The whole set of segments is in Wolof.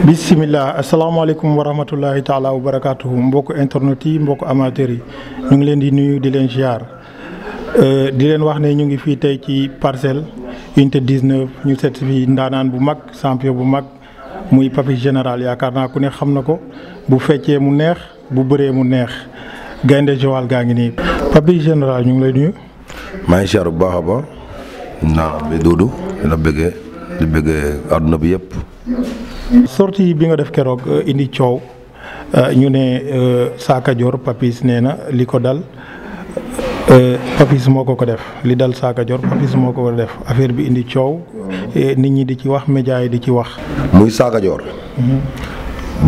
bisimilah asalaamaaleykum wa rahmatullahi taala wa barakaatuhu mbokk internet yi mbokk amateur yi ñu ngi leen di nuyu di leen ziar euh, di leen wax ne ñu ngi fii tey ci parcelle unité 19 ñu seet fi ndaanaan bu mag champion bu mag muy Papis Général yaakaar naa ku ne xam na ko bu feccee mu neex bu bëree mu neex gaynde Joal gaa ngi nii Papis Général ñu ngi lay nuyu. maa ngi ziar bu baax a baax. naa bi Doudou la bëggee di bëggee àdduna bi yëpp. sorti bi nga def keroog euh, indi coow euh, ñu ne euh, saa Kajoor Papis nee na li ko dal Papis moo ko ko def li dal saaka Kajoor Papis moo ko ko def affaire bi indi coow nit ñi di ci wax média yi di ci wax. muy saa Kajoor. Mhm.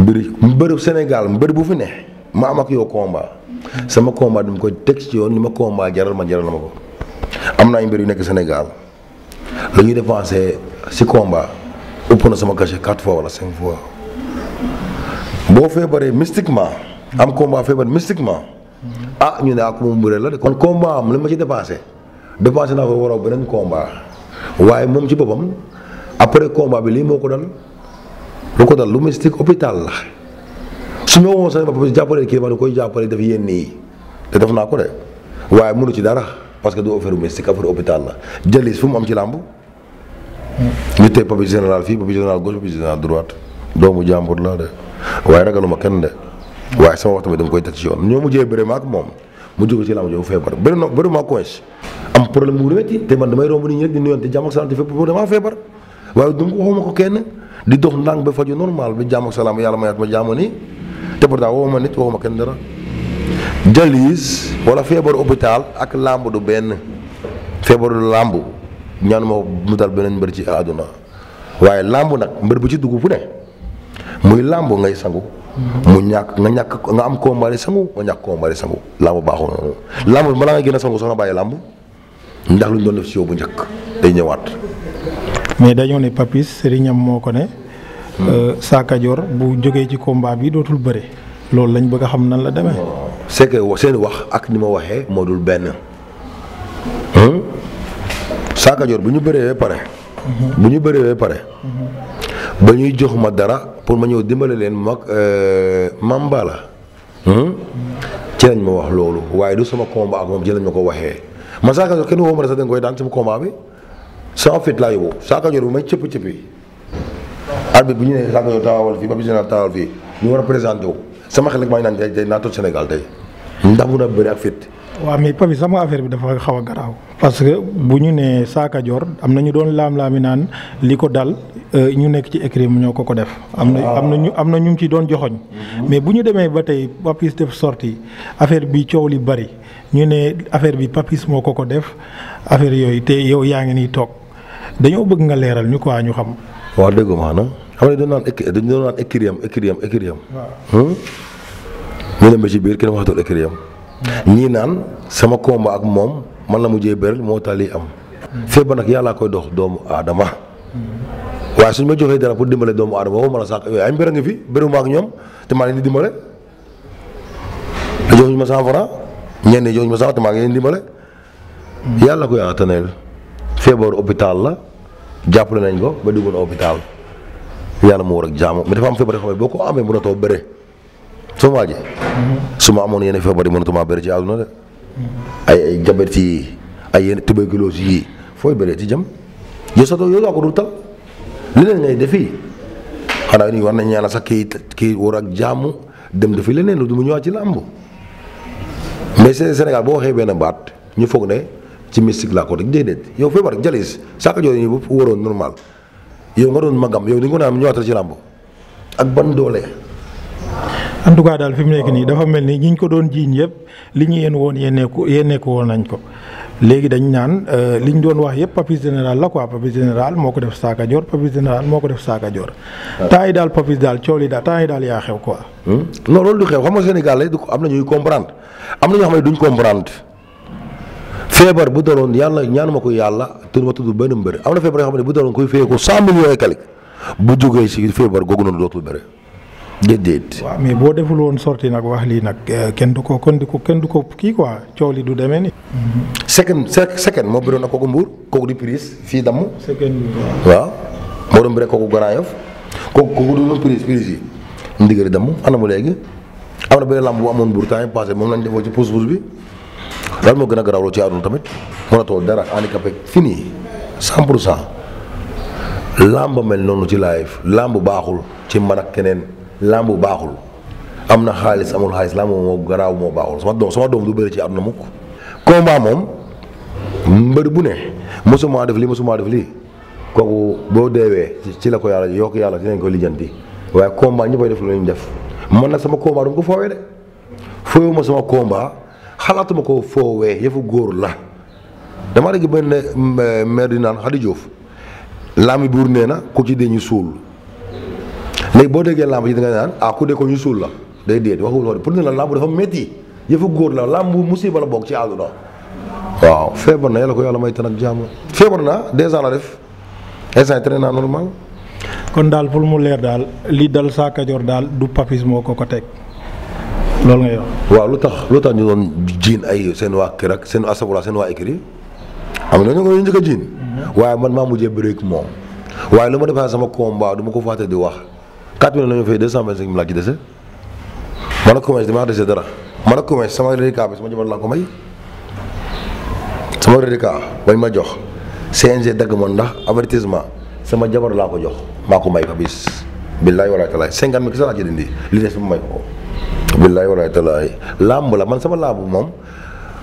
mbir mbëru Sénégal mbër bu fi ne ma am ak yow combat sama combat dama ko teg ci yoon ni ma komba jaral ma jaral ma ko am naa ay mbir yu nekk Sénégal la ñuy dépensé si combat. ëpp na sama cachet quatre fois wala cinq fois boo feebaree mystiquement am combat feebar mystiquement ah ñu ne ah ku mu mbëree la de kon combat am li ma ci dépensé dépensé naa ko waroo beneen combat waaye moom ci boppam après combat bi lii moo ko dal lu ko dal lu mystique hôpital la su ma woon sax bopp jàppale kii ma da koy jàppale def yenn yi te def naa ko de waaye mënu ci dara parce que du affaire mystique affaire hôpital la jëlis fu ci làmb li tey papi général fii papi général gauche papi général droite doomu jàmbur laa de waaye ragaluma kenn de waaye sama wax tamit dama koy teg ci yoon ñoo mujjee bëri ma ak moom mu jóge ci laa ma jóg feebar bëri na bëri ma coince am problème bu man damay romb nit ñi di nuyonte jàmm ak salaam te fépp boobu damaa feebar du waxuma di dox ndànk ba faju normal bi jàmm ak salaam yàlla mayaat ma jàmm nii te pourtant waxuma nit waxuma kenn dara jalis wala feebaru hôpital ak làmb du benn feebaru làmb ñaanu ma mu dal beneen mbër ci àdduna waaye làmb nag mbër bu ci dugg bu ne muy làmb ngay sangu. mu ñàkk nga ñàkk nga am combat di sangu nga ñàkk combat di sangu làmb baaxul noonu. làmb balaa nga gën sangu soxna bàyyi làmb ndax lu ñu si yow bu njëkk day ñëwaat. mais dañoo ne Papis sëriñam moo ko ne. Hmm. Euh, Sakka bu jógee ci combat bi dootul bëre. loolu lañ bëgg a xam nan la demee. c'est seen wax ak ni ma waxee moo dul benn. saakajoor bu ñu bëree ba pare. bu ñu bëree ba pare. ba ñuy jox ma dara pour ma ñëw dimbale leen mag euh, mamba la. Hmm? ci lañ ma wax loolu waaye du sama combat ak moom ma ko waxee ma saakajoor kenn da nga koy daan sama combat bi sama fit laa yóbbu saakajoor bi may cëpp cëppi. arbitre bu ñu nee saakajoor taawal fii ba bi général taawal fii ñu war a présenté wu sama xel maa ngi naa toj Sénégal tey ndax mun a bëri ak fit. waaw mais Papis sama affaire bi dafa xaw a garaaw parce que bu ñu nee Saaka Joor am na ñu doon laam-laami naan li ko dal euh, ñu nekk ci écrit ñoo ko ko def. am na am na ñu am na ñu ci doon joxoñ mhm. mais bu ñu demee ba tey Papis def sorti affaire bi coow li bari ñu ne affaire bi Papis moo ko ko def affaire yooyu te yow yaa ngi nii toog dañoo bëgg nga leeral ñu quoi ñu xam. waaw dëgg maanaam xam nga dañu naan écri dañu doon naan écrit am écrit am écrit am. waaw. Hmm? ci biir ki waxatul écrit am ñii naan sama combat ak moom man la mujjee bëral moo tax lii am. feebar nag yàlla koy dox doomu aadama. waaye suñ ma joxee dara pour dimbale doomu aadama boobu ma la sax yooyu ay mbir a ngi fi bëriwuma ak ñoom te maa leen di dimbale. te joxuñu ma ñenn ñi joxuñu ma cent ngi leen di dimbale. yàlla ko yàlla taneel feebaru hôpital la jàppale nañ ko ba dugg na hôpital yàlla mu war ak jaamu mais dafa am feebar yoo xam boo ko amee mënatoo bëre. sama waa ji su ma amoon yenn feebar yi mënatuma bëri ci àdduna de ay ay jabet yi ay yenn tuberculose yi fooy bëree ci jëm yow sa yow yaa ko dul tal leneen ngay defi xanaa ni war nañ ñaanal sax kii kii war ak jàmm dem defi leneen du mu ñëwaat ci làmb mais Sénégal boo waxee benn baat ñu foog ne ci mystique laa ko rek déedéet yow feebar jalis saaka jooju ñu waroon normal yow nga doon magam yow di nga ko naan ñëwaatal ci làmb ak ban doole. en tout cas daal fi mu nekk nii dafa mel ni ñi ñu ko doon jiiñ yëpp li ñu yéen woon yéeneeku yéeneeku woon nañ ko. léegi dañ naan euh, li ñu doon wax yëpp papis général la quoi papis général moo ko def saa ka joor papis moo ko def saa ka ah. yi daal papis daal coow li daal temps yi daal yaa xew quoi. Hmm? non loolu du xew xam nga Sénégal la am na ñuy comprendre am na ñoo xam ne duñ comprendre. feebar bu daloon yàlla ñaan ma ko yàlla te ma tudd benn mbër am na feebar yoo xam ne bu daloon koy fayee ko cent millions et quelque bu jógee si feebar googu noonu dootul bëre. déedéet. waaw mais boo deful woon sorti nag wax lii nag eh, kenn du ko kon du ko kenn du ko kii quoi coow li du demee ni Seken Seken moo bëroon ak kooku Mbour kooku di prise fii damm. Seken waaw. moo doon bëre kooku Grand Yoff kooku kooku doon prise prise yi ndigal damm ana mu léegi am na benn làmb bu amoon Mbour temps yi passé moom lañ defoo ci pousse pousse bi daal moo gën a garaawloo ci àdduna tamit mënatoo dara handicapé fini 100 pour cent làmb mel noonu ci live làmb baaxul ci man keneen. làmb baaxul am na xaalis amul xaalis làmb moo garaaw moo baaxul sama doom sama doom lu bëri ci àdduna mukk combat moom mbër bu ne mosuma def li mosuma def li kooku boo deewee ci la ko yàlla yokk yàlla dinañ ko lijjanti waaye combat ñëppay def lu ñu def man nag sama combat dama ko foowee de foowee ma sama xalaatuma ko foowee yëfu góor la dama dégg benn eh, maire di naan Khady Diouf làmb buur nee na ku ci dee ñu suul léegi boo déggee làmb ji da naan ah ku dee ko ñu suul la day déet waxul loolu pour ne la làmb dafa métti yëfu góor la làmb musiba la bokk ci àdduna waaw feebar na yàlla ko yàlla may tan ak jàmm feebar naa deux ans la def instant train naa kon daal mu leer daal li dal Sa Kajoor daal du papis moo ko ko teg loolu waaw lu tax lu tax ñu doon jiin ay seen waa kër ak seen seen waa écrit am na ñoo ko njëkk a jiin mhm. waaye man maa mujjee bëreek moom waaye lu ma defee sama combat du ma ko fàtte di wax. 4 millions la ñu fay 225 mille laa ci dese man ak Coumès damaa dese dara man ak Coumès sama reliquat bi sama jabar laa ko may sama reliquat bañ ma jox CNG dagg ma ndax avertissement sama jabar laa ko jox maa ko may fa bis billaay walaay talaay 50 mille kese laa ci dindi li des ma may ko billaay walaay talaay làmb la man sama làmb moom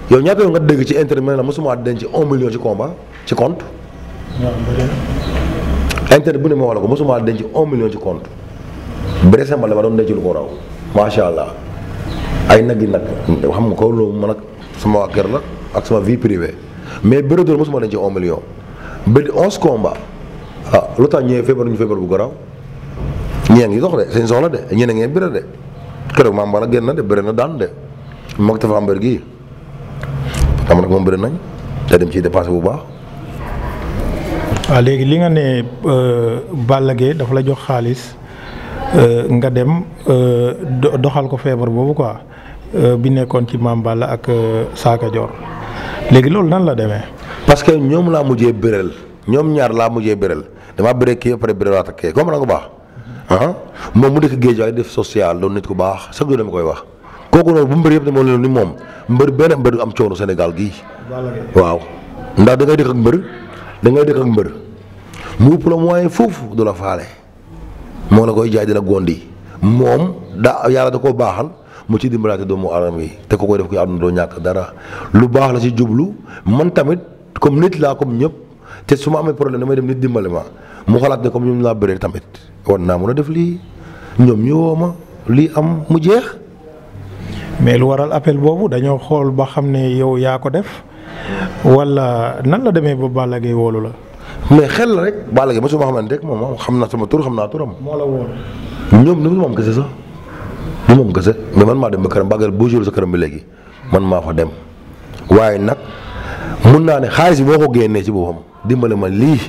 yow ñaata nga dégg ci internet la mosuma denc 1 million ci combat ci compte. internet bu ne ma wala ko mosuma denc 1 blessé ma la ma doon denc lu ko raw macha allah ay nag yi nag xam nga ko loolu ma ak sama waa kër la ak sama vie privée mais Bébé Diouldé mosuma denc un million ba onze combat ah lu tax ñëwee feebar ñu feebar bu ko raw ñee ngi dox de seen soxla de ñeneen ngeen bëre de keroog maam bala génn de bëre na daan de moog tafa am bëri gii xam moom bëri nañ te dem ci dépassé bu baax. waa ah, léegi li nga ne euh, Balla Gaye dafa la jox xaalis. Euh, nga dem euh, doxal ko feebar boobu quoi euh, bi nekkoon ci Maam Balla ak Saaka Joor léegi loolu nan la demee. parce que ñoom laa mujjee bëreel ñoom ñaar laa mujjee bëreel damaa bëree kii ba pare bëreel a ak comme na ko baax ah moom mu dëkk géej waaye def social doon nit ku baax chaque jour dama koy wax. kooku noonu bu mbër yëpp demoon leen ni moom mbër benn mbër am coono Sénégal gii. waaw ndax da ngay dëkk ak mbër da ngay dëkk ak mbër mu ëpp la moyen foofu du la faale. moo la koy jaay di la gondi moom daa yàlla da koo baaxal mu ci dimbalaate doomu aadama yi te ko koy def ko àdduna doo ñàkk dara lu baax la si jublu man tamit comme nit laa comme ñëpp te su ma amee problème damay dem nit dimbale ma mu xalaat ne comme ñoom laa bëree tamit war naa mun a def lii ñoom ñëwoo ma lii am mu jeex. mais lu waral appel boobu dañoo xool ba xam ne yow yaa ko def wala nan la demee ba Balla Gaye woolu la. mais xel la rek Balla Gaye ba su ma xamante rek moom xam na sama tur xam naa turam. moo la wóor ñoom ni mu moom kese sax ni moom kese ma man maa dem ba këram bàggal boo jël sa këram léegi man maa fa dem waaye nag mun naa ne xaalis bi boo ko génnee ci boppam dimbale ma lii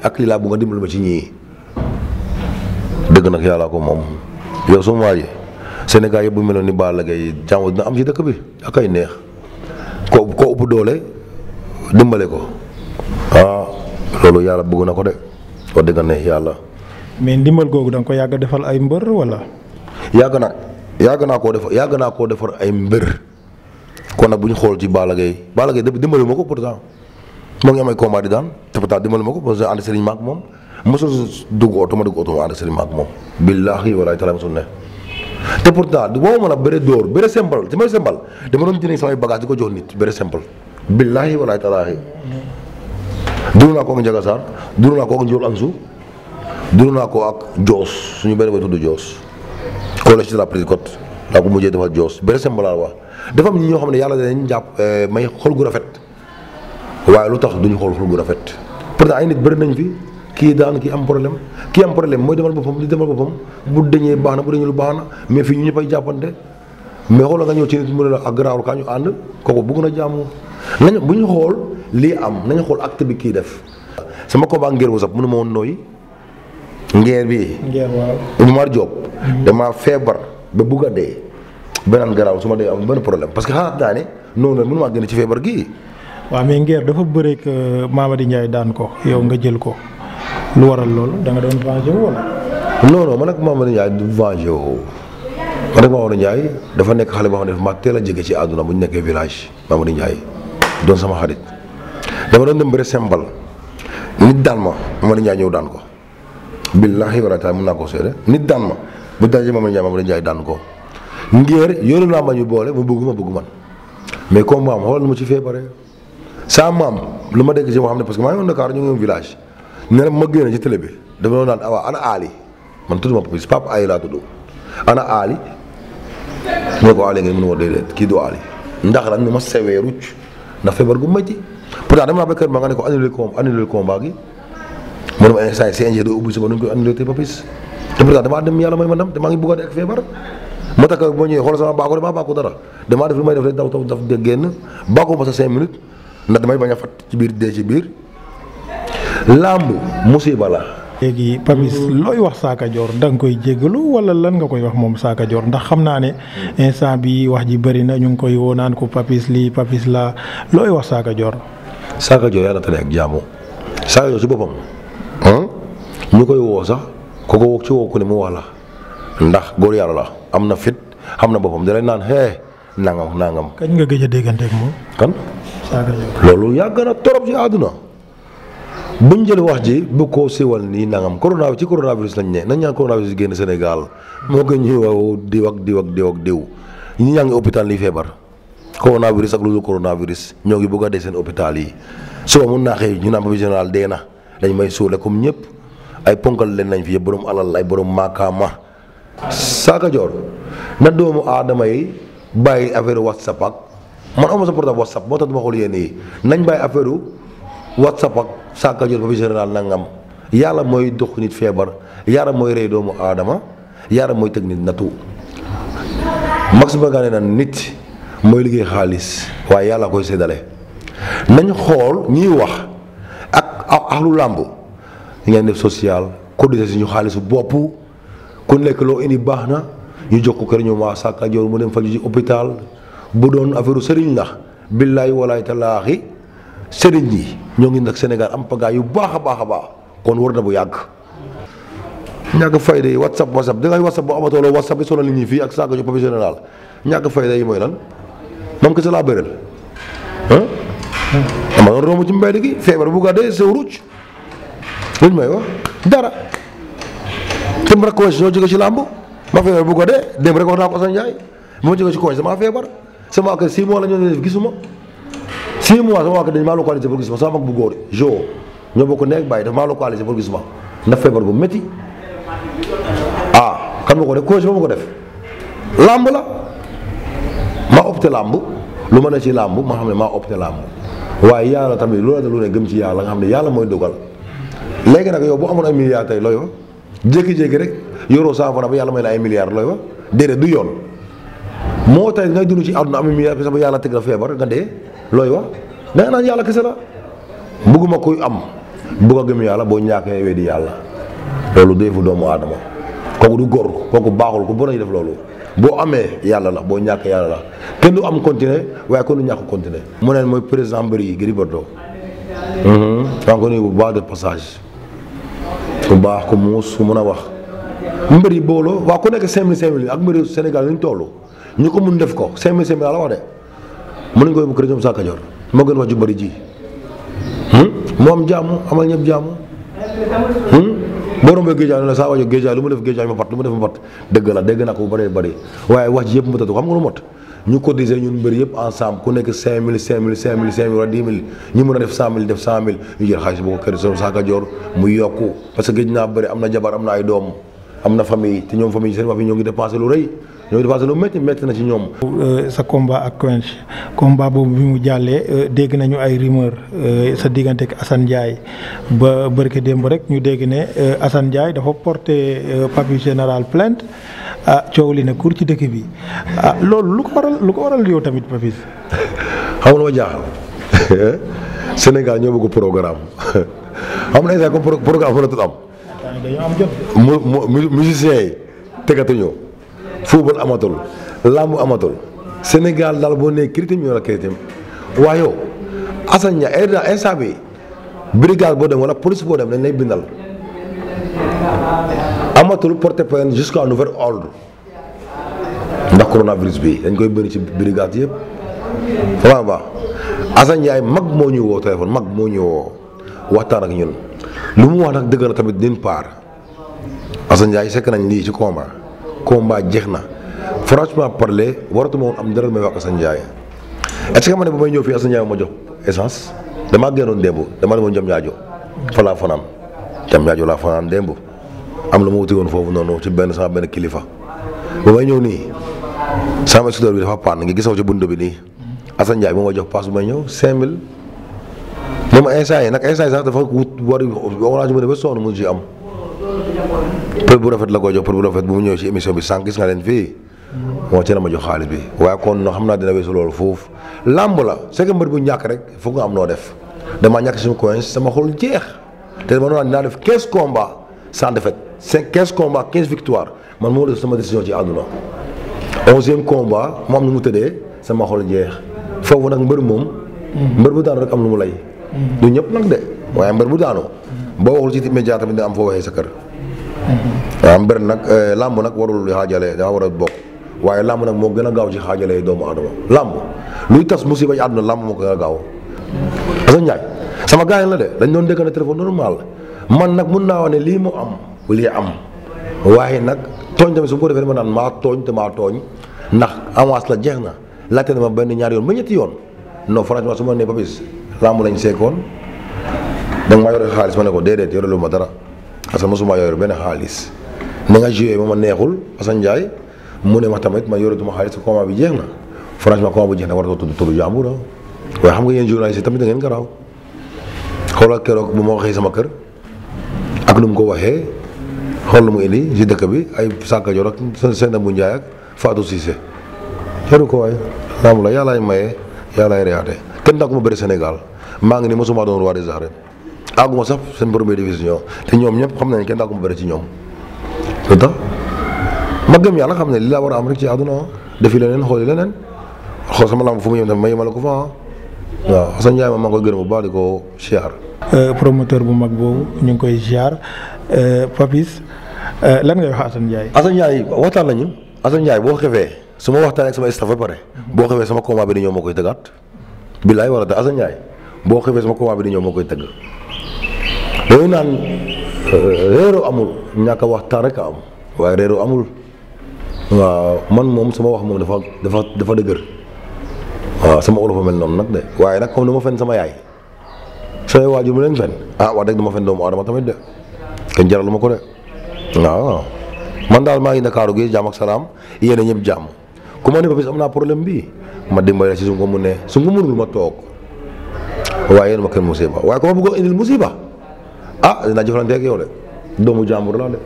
ak lii laa bëgg nga dimbale ma ci ñii dëgg nag yàllaa ko moom yow sama waa ji Sénégal yëpp bu meloon ni Balla Gaye jàmm dina am ci dëkk bi ak ay neex ko ko doole dimbale ko waaw. Ah. loolu yàlla bëgg na ko de wax dëgg ne yàlla. mais ndimbal googu da ko yàgg defal ay mbër wala. yàgg na yàgg naa koo defar yàgg naa koo defar ay mbër kon nag bu ñu xool ci Balla Gaye Balla Gaye dimbalu ma ko pourtant moo ngi am ay combat di daan te pourtant dimbalu ma ko parce que maak moom mosul dugg oto ma dugg oto ma ànd sëriñ maak moom. billaahi walaay taala mosul ne te pourtant du ma mën a bëre dóor bëre simple ci may simple dama doon jëlee samay bagage di ko jox nit bëre simple billaahi walaay talaahi dund naa ko ak Ndiaga Sarr dund naa ko ak Ndiol Amsou dund naa ko ak Joos suñu benn bay tudd Joos collège de la Petite Côte daa mujjee dafa Joos benn symbole la wax defam ni ñoo xam ne yàlla danañ jàpp eh, may xol gu rafet waaye lu tax duñu xool xol gu rafet pourtant ay nit bëri nañ fi kii daan kii am problème kii am problème mooy demal boppam di demal boppam bu dañee baax na bu dañee lu baax na mais fii ñu ñëppay jàppante mais xoolal nga ñëw ci nit mu la ak garaawul kaa ñu ànd kooku bëgg na jàmm nañu bu ñu xool lii am na xool acte bi kii def. sama combat ngeer wu sax mënu ma woon nooyi ngeer bi ngeer waaw Umar damaa mm-hmm. feebar ba bugg a dee. beneen garaaw su ma dee am benn problème parce que xalaat naa ne noonu la mënu maa gën ci feebar gii. waaw mais ngeer dafa bëre ak euh, Mamady Ndiaye daan ko yow nga jël ko lu waral loolu da nga doon vengé wala. non non man ak Mamady Ndiaye du vengé woo man ak Mamadou Ndiaye dafa nekk xale boo xam ne dafa maa teel a jege ci àdduna bu nekkee village Mamadou Ndiaye doon sama xarit dama doon dem bëri sembal nit daan ma Mamadou Ndiaye ñëw daan ko billaahi wala taala mën naa ko seede nit daan ma bu daje Mamadou Ndiaye Mamadou Ndiaye daan ko ngir yoonu laa ma ñu boole mu bëgguma ma bëgg man mais comme maam xoolal ma ci feebare saa maam lu ma dégg ci moo xam ne parce que maa ngi woon Dakar ñu ngi village ne ma génn ci télé bi dafa doon naan awaa ah ana Ali man tudd ma ay papa Ali laa tudd ana Ali mu ne ko Ali nga mën a wax kii du Ali ndax la ni ma sewee rucc ndax feebar gu métti pourtant dama ba kër ma nga ne ko annulé ko annulé combat gi mu ne ma instant yii CNG doo obligé ma nu ñu koy annulé te papis te pourtant damaa dem yàlla may ma ndam te maa ngi bëggoon ak feebar ma takk dara damaa def lu may def rek daw taw daf de génn baaku ma sa cinq minutes ndax damay bañ a fat ci biir dee biir làmb musiba la léegi Papis mm-hmm. looy wax Sakka da nga koy jéggalu wala lan nga koy wax moom Sakka ndax xam naa ne mm-hmm. instant bi wax ji bëri na ñu ngi koy woo naan ko Papis lii Papis la looy wax Sakka Dior saaga joo yàlla tane ak jaamu saaga joo ci boppam hmm? ñu koy woo sax ku ko ci woo ku mu wax la ndax góor yàlla la am na fit xam na boppam da lay naan hee nangam nangam. kañ nga gëj a déggante ak moom. kan. loolu yàgg na torop ci àdduna buñ jël wax ji bu ko siwal nii nangam corona bi ci coronavirus lañ ne nañ ñaan coronavirus génn Sénégal moo ko ñuy woo diw ak diw ak diw ak diw ñi ñaa feebar. coronavirus ak lu dul coronavirus ñoo ngi bëgg a dee seen hôpital yi suba mun naa xëy ñu naan Papis Général dee na dañ may suule comme ñëpp ay ponkal leen nañ fi yëpp borom alal ay borom maakaama saaka joor na doomu aadama yi bàyyi affaire whatsapp ak man am sa portable whatsapp moo tax nañ bàyyi affaire whatsapp ak saaka joor Papis yàlla mooy dox nit feebar yàlla mooy rey doomu aadama yàlla mooy teg nit nattu max ba na nit. mooy liggéey xaalis waaye yàlla koy séddale nañ xool ñuy wax ak ahlu làmb ngeen def social cotiser suñu xaalisu bopp ku nekk loo indi baax na ñu jox ko kër ñoom waa Saka Dior mu dem faju ji hôpital bu doon affaire sëriñ ndax billaay walaay talaaxi sëriñ yi ñoo ngi nag Sénégal am pagaay yu baax a baax a baax kon war na bu yàgg. ñàkk fayda yi whatsapp whatsapp dangay whatsapp bu amatoo loo whatsapp bi sonal nit ñi fii ak Saka Dior professionnel ñàkk fayda yi mooy lan. moom kese laa bëral ah. romb ci mbedd gi feebar bu gàddee sa ruuj luñ may wax dara te mu rek ko soo jóge ci làmb ma feebar bu gàddee démb rek wax naa ko Assane Ndiaye ma jóge ci kooñ sama feebar sama waa kër 6 mois la ñu def gisuma 6 mois sama waa kër dañ maa localisé pour gisuma sama mag bu góor jo ñoo bokk nekk bàyyi dafa maa localisé pour gisuma ndax feebar bu métti ah kan ma ko def cause ba ma ko def làmb la. maa opté làmb lu ma ne ci làmb ma xam ne maa opté làmb waaye yàlla tamit lu la ne lu ne gëm ci yàlla nga xam ne yàlla mooy dogal léegi nag yow bu amoon ay milliards tey looy wax jékki rek yoroo cent francs yàlla may la ay milliards looy wax déedéet du yoon moo tay ngay dund ci àdduna am milliards bi sax ba yàlla teg la feebar nga dee looy wax da nga naan yàlla kese la bëgguma kuy am bëgg gëm yàlla boo ñàkkee di yàlla loolu defu doomu aadama kooku du góor kooku baaxul ku bon a def loolu boo amee yàlla la boo ñàkk yàlla la kenn du am continuer waaye kenn du ñàkk continuer mu neen mooy président mbër yi Gris Bordeaux maa mhm. ngi ko nuyu bu baax de passage bu baax ku muus ku mën a wax mbër yi booloo waaw ku nekk cinq mille cinq mille ak mbëri Sénégal ñu toll ñu ko mun def ko cinq mille cinq mille la wax de mën nañu ko yóbbu kër Moussa Kadior moo gën wax ju bëri ji hmm? mu am jàmm amal ñëpp jàmm boo rombee géej waay ne saa wajo géej waay lu mu def géej ma fat lu mu def ma fat dëgg la dégg naa ko bu bëree bëri waaye wax ji yëpp matatu xam nga lu mot ñu cotiser ñun mbër yëpp ensemble ku nekk 5000 5000 5000 5000 wala 10 000 ñu mën a def 100000 def 100000 ñu jël xaalis boo ko kër sa saaka joor mu yokku parce géej naa bëri am na jabar am na ay doom am na famille te ñoom famille seen wax bi ñoo ngi dépensé lu rëy ñoo ngi dépensé lu métti métti na ci ñoom. Euh, sa combat ak Quench combat boobu bi mu jàllee euh, dégg nañu ay rumeur euh, sa diggante ak Assane ba barke démb rek ñu dégg ne Assane dafa porté papier général plainte ah li ne kur ci dëkk bi ah loolu lu waral lu tamit Papis. xam ñoo bëgg programme xam na comme programme fa la am. dañoo am jot. mu mu musiciens yi tegatuñoo football amatul làmb amatul Sénégal daal boo nee critim ñoo la critim waaye yow Assane Ndiaye instant bi brigade boo dem wala police boo dem dañ lay bindal amatul porter plainte jusqu'à nouvel ordre ndax coronavirus bi dañ koy bëri ci brigade yëpp xam nga baax Assane Ndiaye mag moo ñu woo téléphone mag moo ñu woo waxtaan ak ñun. lu mu wax nag dëgg na tamit din part Assane Ndiaye sekk nañ lii ci combat combat jeex na franchement parler waratuma woon am dara may wax Assane Ndiaye est ma ne ba may ñëw fii ma jox essence damaa génnoon démb dama demoon jam ñaajo fa laa fanaan jam ñaajo laa fanaan démb am lu ma wuti woon foofu noonu ci benn sama benn kilifa ba may ñëw nii sama scooter bi dafa paan nga gisoo ci bunt bi nii Assane Ndiaye moo ma jox paas bu may ñëw même instant yi nag instant yi sax dafa wut war orange mu am. për bu rafet la ko jox për bu rafet mu ñëw ci émission bi sànq gis nga leen moo ci la ma bi waaye kon noo xam naa dina weesu loolu foofu. làmb la c'est que bu ñàkk rek foog nga am noo def damaa ñàkk suñu coin sama xol jeex te dama doon dinaa def 15 combats sans défaite 5 15 combats 15 victoires man moo def sama décision ci àdduna. onzième combat mu am nu mu tëddee sama xol jeex foofu nag mbër moom. mbër bu daan rek am lu mu lay. du ñëpp nag de waaye mbër bu daanoo boo waxul ci média tamit dina am foo waxee sa kër waaw mbër nag eh, làmb nag warul xaajale daa war a bokk waaye làmb nag moo gën a gaaw ci xaajale doomu aadama làmb luy tas musiba ci àdduna làmb moo gën a gaaw Assane Ndiaye sama gars la de dañ doon déggante téléphone normal man nag mun naa wax ne lii mu am lii am waaye nag tooñ tamit su ma ko defee ma naan maa tooñ te maa tooñ ndax avance la jeex na laajte na ma benn ñaari yoon ba ñetti yoon non franchement làmb lañ seekoon danga maa yore xaalis ma ne ko déedéet yorelu ma dara parce que mosuma yore benn xaalis ni nga joué ma ma neexul Assane Ndiaye mu ne ma tamit ma yore duma xaalis combat bi jeex na franchement combat bu jeex na war a tudd turu jàmbur ah. waaye xam nga yéen journaliste yi tamit da ngeen garaaw xoolal keroog bu ma waxee sama kër ak nu mu ko waxee xool lu mu indi si dëkk bi ay Sakka Dior ak Seyna bu Ndiaye ak Fatou Cissé jaru ko waay làmb la yàllaay maye yàllaay reyaate kenn daakuma bari Sénégal maa ngi ni mosuma doon roi des arènes àgguma sax seen première division te ñoom ñëpp xam nañ kenn daakuma bëri ci ñoom lu tax yàlla xam ne li laa war a am rek ci àdduna defi leneen xooli leneen xool sama lamb fu mu yem tamit ma yemale ko fa ah. waaw Assane Ndiaye ma maa ngi koy bu baax di ko ziar. Euh, bu mag boobu ñu ngi koy ziar euh, Papis euh, lan ngay wax Assane Ndiaye. Assane Ndiaye waxtaan nañu Assane boo xefee su ma waxtaanee ak sama staff ba boo xefee sama combat bi di ñëw moo koy dëggaat. billaay wala da Assane Ndiaye boo xëfee sama combat bi di ñëw moo koy tëgg dañuy naan euh, réeroo amul ñàkk wax waxtaan rek a am waaye réeroo amul waaw man moom suma wax moom dafa dafa dafa dëgër waaw sama olof a mel noonu nag de waaye nag comme ma fen sama yaay sama waajur mu leen fen ah wax dëgg dama fen doomu aadama tamit de kenn jaralu ma ko de waaw man daal maa ngi Ndakaaru gi jàmm ak salaam yéen a ñëpp jàmm. ku ma ne ko bis am naa problème bi ma dimbali la si su ko mënee su ko mënul ma toog waaye yéen ma kenn musiba waaye ku a indil musiba ah dinaa yow de doomu jàmbur laa de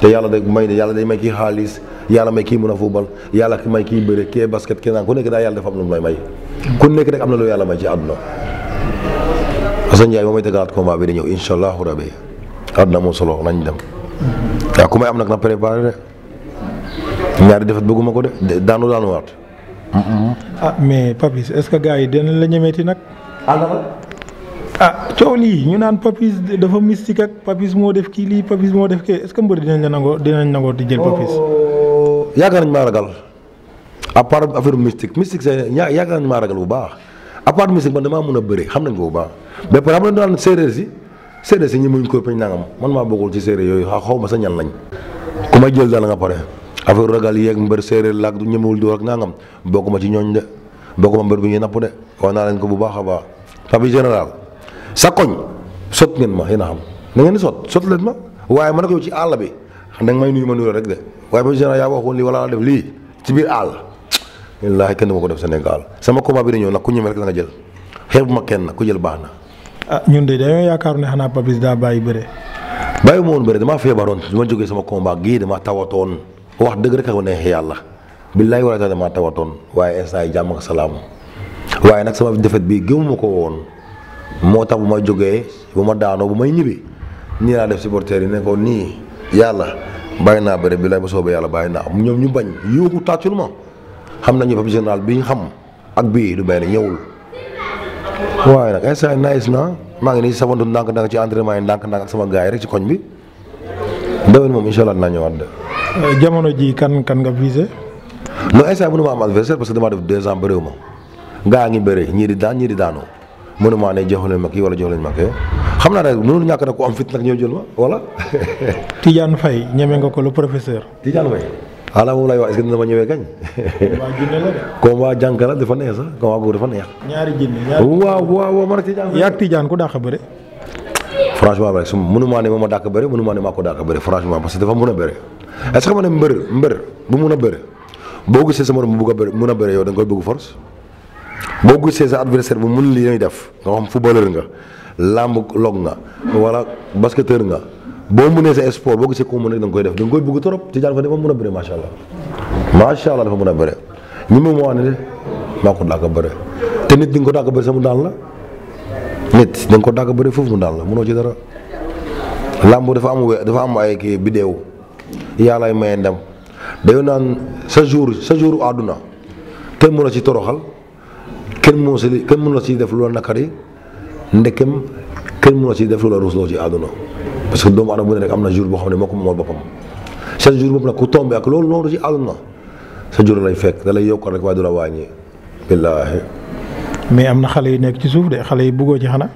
te yàlla day may de yàlla day may kii xaalis yàlla may kii mën a football yàlla may kii bëre kii basket kii naan ku nekk daa yàlla dafa am lu may may ku nekk rek am na lu yàlla may ci àdduna Assane Ndiaye moom may tëggaat combat bi di ñëw incha allahu rabi àdduna moo solo nañ dem waaw ñaari defet bëgguma ko de daanu daanu waat. ah mais Papis est-ce que gaa yi dinañ la ñemeeti nag. Ah, ah coow lii ñu naan Papis dafa mystique ak Papis moo def kii lii Papis moo def kii est-ce que mbër dinañ la nangoo dinañ nangoo di jël Papis. Oh, yaakaar nañ maa ragal à part affaire mystique mystique c'est yaakaar nañ maa ragal bu baax à part mystique man damaa mën a bëri xam nañ ko bu baax mais par exemple daan séeréer si séeréer si ñi muñ ko peñ nangam man maa bokkul ci séeréer yooyu xaw ma sa ñan lañ ku may jël daal nga pare. affaire ragal yeeg mbër séeréer laag du ñemewul dóor ak nangam ma ci ñooñ de bokkuma mbër bi ñuy napp de wax naa leen ko bu baax a baax papi général sa koñ sot ngeen ma yéen a xam na ngeen di sot sot ma waaye ma ne ko yow ci àll bi xam nga may nuyu ma nuyu rek de waaye papi général yaa waxoon lii wala def lii ci biir àll wallaahi kenn du ma ko def Sénégal sama combat bi dañoo nag ku ñeme rek la nga jël xeebu ma kenn ku jël baax na. ah ñun de dañoo yaakaar ne xanaa Papis daa bàyyi bëre. bàyyi ma woon bëre damaa su ma jógee sama combat damaa tawatoon wax dëgg rek a neexee yàlla billaay wala tax damaa tawatoon waaye instant yi jàmm ak waaye nag sama defet bi gëmuma ko woon moo tax bu ma jógee ma daanoo bu may ñibbi nii laa yi ne nii yàlla bàyyi naa bëre billaay ba soobee yàlla bàyyi naa ñoom ñu bañ yuuxu tàccul ma xam nañu Pape Général bi ñu xam bii du benn ñëwul. waaye nag instant na maa ngi nii sabantu ndànk-ndànk ci entraînement yi ndànk-ndànk ak sama gars yi rek ci koñ bi déwén moom incha naa dinaa ñëwaat Euh, jamono ji kan kan nga visé. non instant mënu ma am adversaire parce que damaa def deux ans bëréew ma gaa ngi bëre ñii di daan ñii di daanoo mënu maa ne ma kii wala joxu ma kii xam naa ne mënul ñàkk nag ku am fit nag ñëw jël ma wala. Tidiane fay ñeme nga ko le professeur. Tidiane Faye. voilà ma ñëwee gañ. combat jànk la dafa neex sax dafa neex. ñaari jinne ñaari waaw waaw yaa ak Tidiane ku dàq bëre. franchement rek su mënumaa moom a dàq bëri mënumaa ne maa ko dàq bëri franchement a bëri est-ce que boo gisee sa a bëri mun a bëri yow da nga koy bëgg force boo gisee sa adversaire bu mun li lay def nga xam footballeur boo mënee sa ko mën rek koy def da nga koy bëgg trop ci jaan fa a bëri macha allah macha a bëri mu ma wax ne de maa ko dàq bëri te nit di nga ko dàq bëri sama daan la nit da nga ko dàgg bëri foofu mu daal la mënoo ci dara làmb dafa am dafa am ay kii bidéew yàllaay maye ndam dañu naan sa jour sa jour àdduna kenn mën a ci toroxal kenn mën si kenn mën a def lu la nakari ndekem kenn mën a ci def lu àdduna parce que doomu aadama bu ne am na jour boo xam ne moo ko moomal boppam sa jour boobu nag ku tombé ak loolu noonu ci àdduna sa jour lay fekk da lay yokkal rek waaye du la wàññi mais am na xale yu nekk ci suuf de xale yi bëggoo ci xanaa.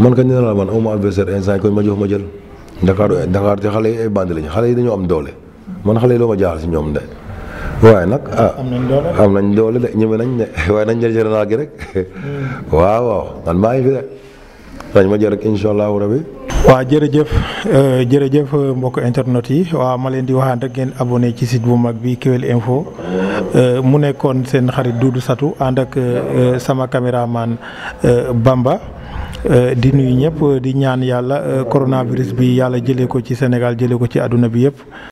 man ka nee naa la man aw ma adversaire instant koñ ma jox ma jël Dakar Dakar te xale yi ay bandi xale yi dañoo am doole man xale yi loo ma jaaxal si ñoom de waaye nag. Ah, am nañ doole de ñeme nañ de waaye nañ jël général gi rek hmm. waaw waaw waa maa ngi fi dañ ma jël rek incha allahu rabi. waaw jërëjëf euh, jërëjëf mbokk internet yi waaw ma leen di waxaan rek ngeen abonné ci sit bu mag bi Kewel Info. Euh, mu nekkoon seen xarit Doudou Satou ànd ak euh, euh, sama caméraman Bamba di nuyu ñëpp di ñaan yàlla coronavirus bi yàlla jëlee ko ci Sénégal jëlee ko ci àdduna bi yëpp.